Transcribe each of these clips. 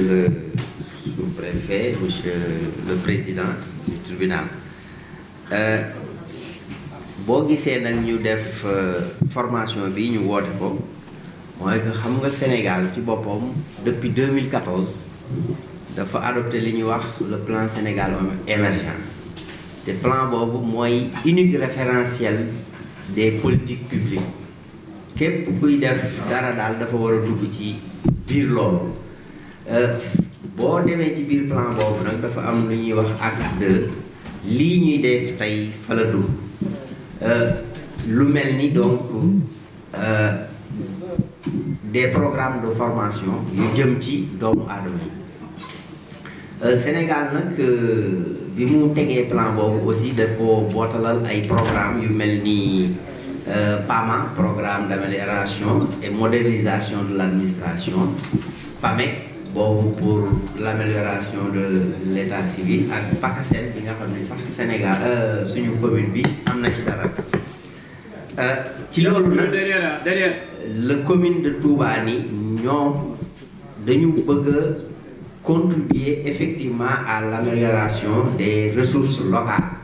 Monsieur le préfet Monsieur le président du tribunal Si euh, gisee nag ñu def euh, formation bi ñu woote ko que xam Sénégal depuis 2014 dafa adopté le plan Sénégal émergent Le plan est unique référentiel des politiques publiques képp kuy def dara daal dafa war euh, boo demee ci biir plan boobu nag dafa am lu ñuy wax axe 2 lii ñuy def tey fa la dugg euh, lu mel ni donc euh, des programmes de formation yu jëm ci doomu aadama yi Sénégal nag bi mu tegee plan boobu aussi da ko bootalal ay programmes yu mel ni PAMA programme d'amélioration et modernisation de l'administration PAMEC pour l'amélioration de l'état civil à PACASEN bi nga xam ne sax Sénégal euh, suñu commune bi am ci dara euh, ci loolu commune de Touba ni ñoom dañu contribuer effectivement à l'amélioration des ressources locales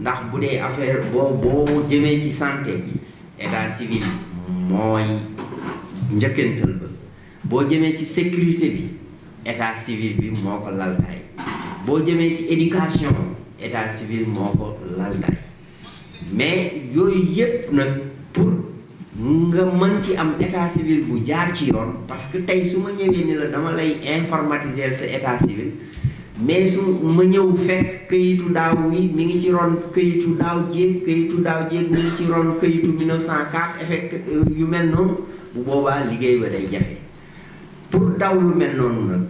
ndax bu dee affaire boo boo jëmee ci santé état civil mooy njëkkantal ba boo jëmee ci sécurité bi état civil bi moo ko laltaay boo jëmee ci éducation état civil moo ko laltaay mais yooyu yépp nag pour nga mën ci am état civil bu jaar ci yoon parce que tey su ma ñëwee ni la dama lay informatiser sa état civil mais su ma ñëw fekk këyitu daaw wi mi ngi ci ron këyitu daaw jéeg këyitu daaw jéeg mi ngi ci ron këyitu 1904 effect euh, yu mel noonu bu boobaa liggéey ba day jafe pour daw lu mel noonu nag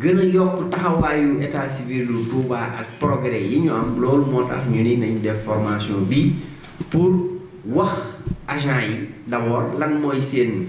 gën a yokk taxawaayu état civil lu Touba ak progrès yi ñu am loolu moo tax ñu ni nañ def formation bi pour wax agent yi d'abord lan mooy seen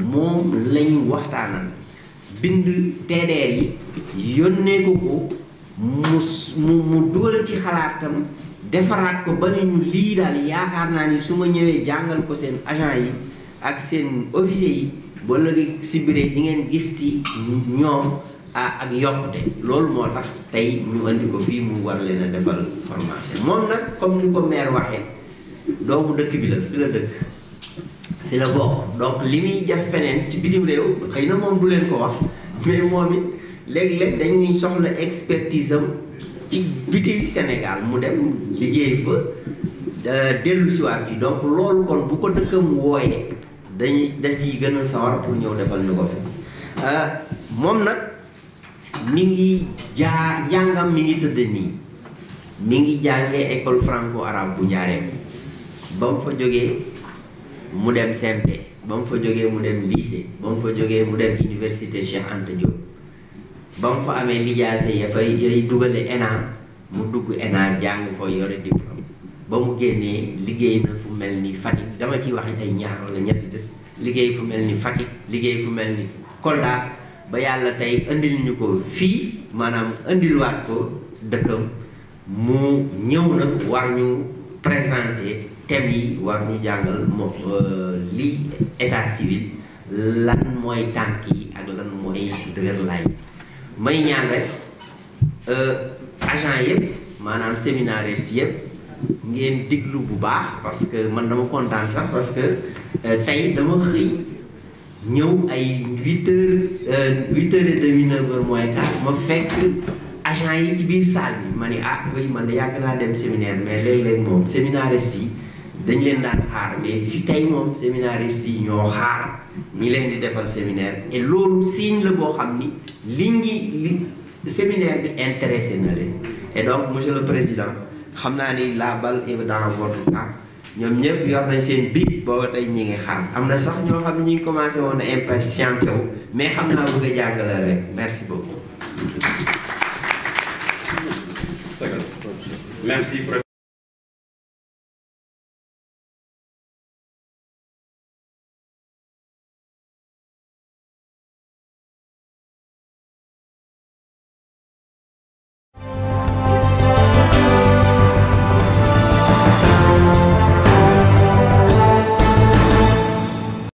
moom lañ waxtaanal bind TDR yi yónnee ko ko mu mu mu dugal ci xalaatam defaraat ko ba ni ñu lii daal yaakaar naa ni su ma ñëwee jàngal ko seen agent yi ak seen officier yi ba léegi si biir di ngeen gis ci ñoom ak yokkute loolu moo tax tey ñu andi ko fii mu war leen a defal formation moom nag comme ni ko maire waxee doomu dëkk bi la fi la dëkk. ci la donc li muy def feneen ci bitim réew xëy na moom du leen ko wax mais moom it léeg-léeg dañuy soxla expertise ci biti Sénégal mu dem liggéey fa euh, dellu siwaat fi donc loolu kon bu ko dëkkam wooyee dañuy da ciy gën a sawar pour ñëw defal ñu ko fi euh, moom nag mi ngi jaa jàngam mi ngi tëdd nii mu ngi jàngee école franco arabe bu Njaaréem ba mu fa jógee mu dem CMT ba mu fa jógee mu dem lycée ba mu fa jógee mu dem université Cheikh Anta Diop ba mu fa amee lijaase ya fay yay dugale ENA mu dugg ENA jàng fa yore diplôme ba mu génnee liggéey na fu mel ni Fatick dama ci wax ay ñaar wala ñetti dëkk liggéey fu mel ni Fatick liggéey fu mel ni Kolda ba yàlla tey indil ñu ko fii maanaam indilwaat ko dëkkam mu ñëw nag war ñu présenté thèmes yi war ñu jàngal moom euh, li état civil lan moy tanki yi ak lan mooy dëgër laay may ñaan rek euh agent yépp manam séminaristes yépp ngeen diglu bu baax parce que man dama kontaan sax parce que euh, tay dama xey ñew ay huit heures 8h euh, et demi neuf heures moins 4 ma fekk agent yi ci biir salle bi ma ni ah oui man de yàgg naa dem séminaire mais léeg-léeg moom séminariste yi dañ leen daan xaar mais fi tey moom ñoo xaar ñi leen di defal séminaire et loolu signe la boo xam ni li ngi li séminaire bi intéressé na leen et donc monsieur le président xam naa ni la bal est dans votre camp ñoom ñëpp yor nañ seen bic booba tey ñi ngi xaar am na sax ñoo xam ñu ngi commencé woon a impatient mais xam naa bëgg a jàngale rek merci beaucoup Merci,